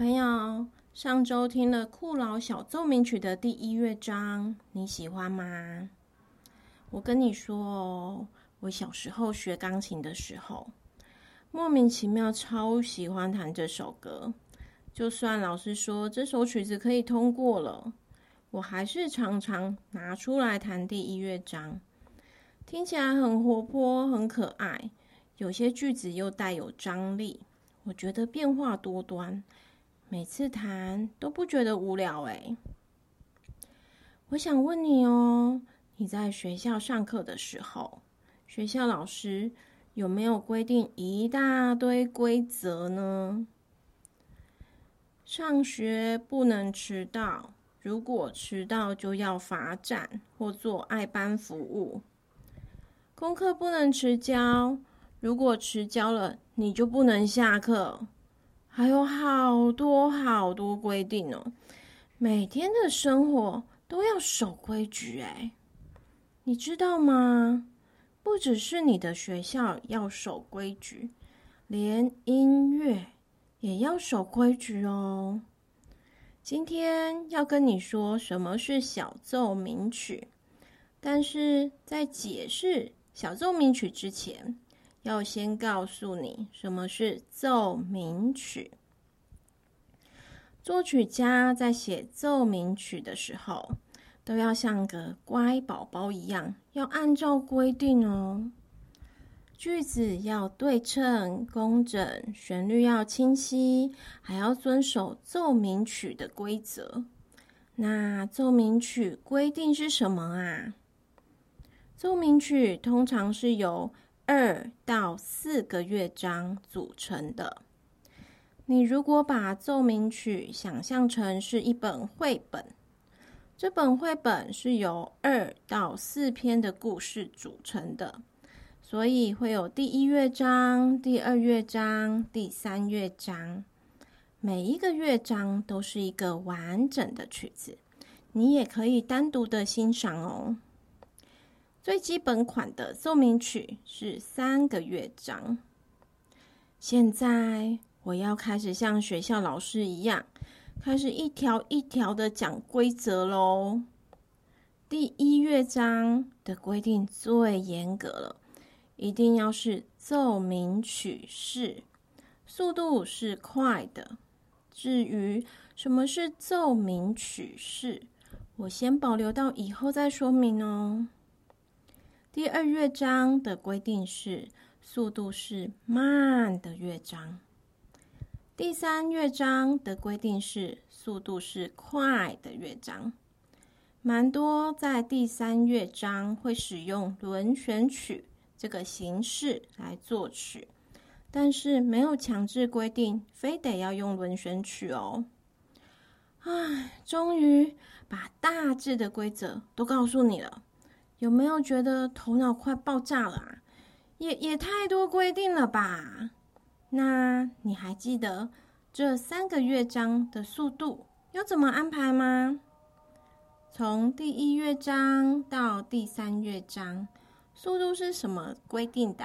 朋友，上週聽了庫勞小奏鳴曲的第一樂章，你喜歡嗎？我跟你說哦，我小時候學鋼琴的時候，莫名其妙超喜歡彈這首歌。就算老師說這首曲子可以通過了，我還是常常拿出來彈第一樂章。聽起來很活潑，很可愛，有些句子又帶有張力。我覺得變化多端。每次談都不覺得無聊誒，我想問你哦，你在學校上課的時候，學校老師有沒有規定一大堆規則呢？上學不能遲到，如果遲到就要罰站或做愛班服務；功課不能遲交，如果遲交了，你就不能下課。還有好多好多規定哦，每天的生活都要守規矩。誒，你知道嗎？不只是你的學校要守規矩，連音樂也要守規矩哦。今天要跟你說什麼是小奏鳴曲，但是在解釋小奏鳴曲之前。要先告訴你什麼是奏鳴曲。作曲家在寫奏鳴曲的時候，都要像個乖寶寶一樣，要按照規定哦。句子要對稱、工整，旋律要清晰，還要遵守奏鳴曲的規則。那奏鳴曲規定是什麼啊？奏鳴曲通常是由二到四個樂章組成的。你如果把奏鳴曲想象成是一本繪本，這本繪本是由二到四篇的故事組成的，所以會有第一樂章、第二樂章、第三樂章。每一個樂章都是一個完整的曲子，你也可以單獨的欣賞哦。最基本款的奏鳴曲是三個樂章。現在我要開始像學校老師一樣，開始一條一條的講規則嘍。第一樂章的規定最嚴格了，一定要是奏鳴曲式，速度是快的。至於什麼是奏鳴曲式，我先保留到以後再說明哦。第二樂章的規定是速度是慢的樂章，第三樂章的規定是速度是快的樂章。蠻多在第三樂章會使用輪旋曲這個形式來作曲，但是沒有強制規定非得要用輪旋曲哦。唉，終於把大致的規則都告訴你了。有沒有覺得頭腦快爆炸了啊？也也太多規定了吧？那你還記得這三個樂章的速度要怎麼安排嗎？從第一樂章到第三樂章，速度是什麼規定的？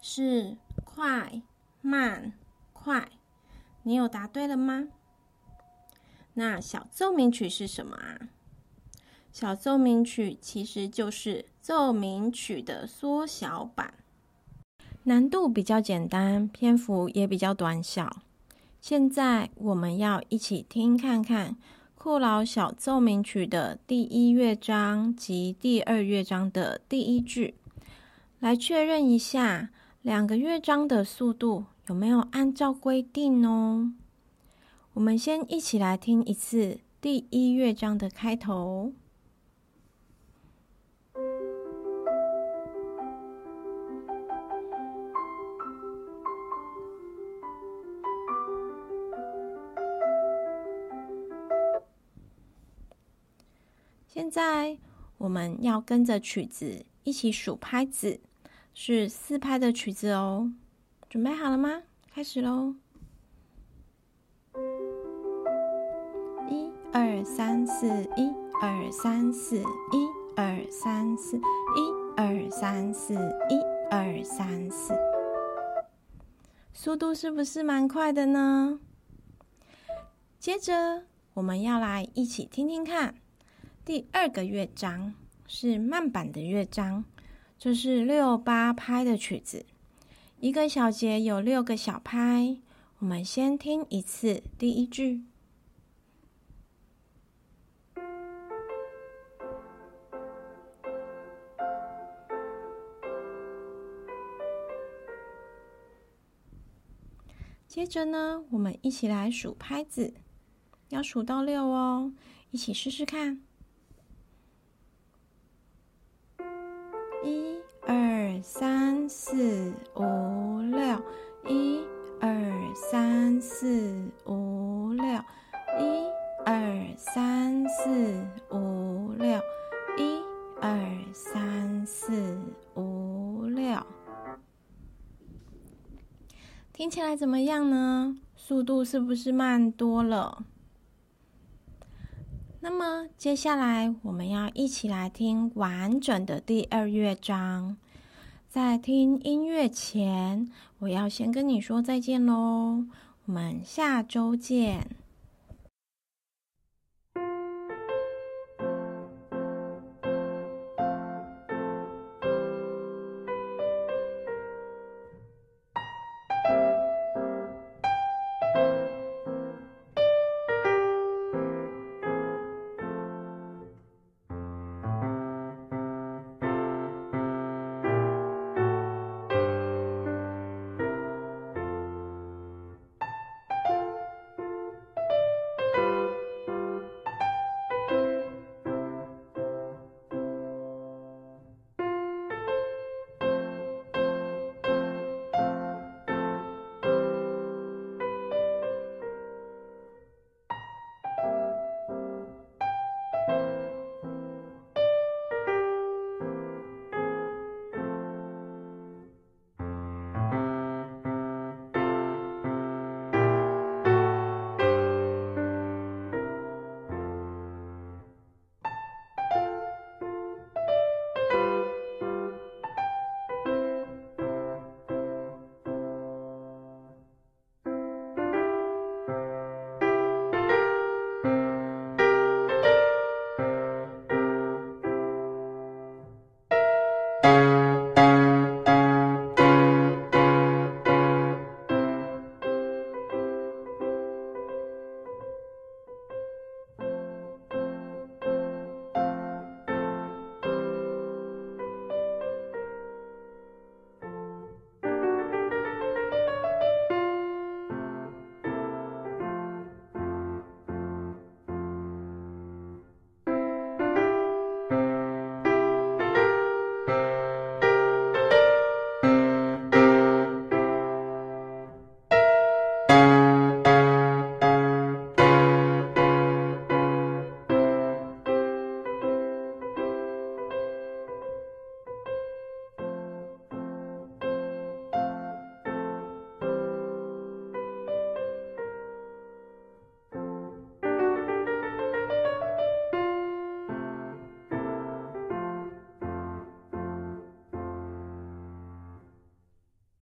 是快、慢、快。你有答對了嗎？那小奏鳴曲是什麼啊？小奏鳴曲其實就是奏鳴曲的縮小版，難度比較簡單，篇幅也比較短小。現在我們要一起聽看看庫勞小奏鳴曲的第一樂章及第二樂章的第一句，來確認一下兩個樂章的速度有沒有按照規定哦。我們先一起來聽一次第一樂章的開頭。現在我們要跟着曲子一起數拍子，是四拍的曲子哦。準備好了嗎？開始嘍！一二三四，一二三四，一二三四，一二三四，一二三四。速度是不是蠻快的呢？接着我們要來一起聽聽看。第二個樂章是慢板的樂章，就是六八拍的曲子，一個小節有六個小拍。我們先聽一次第一句，接着呢，我們一起來數拍子，要數到六哦，一起試試看。二三四五六，一二三四五六，一二三四五六，一二三四五六。聽起來怎麼樣呢？速度是不是慢多了？那麼接下來我們要一起來聽完整的第二樂章。在聽音樂前，我要先跟你說再見嘍。我們下周見。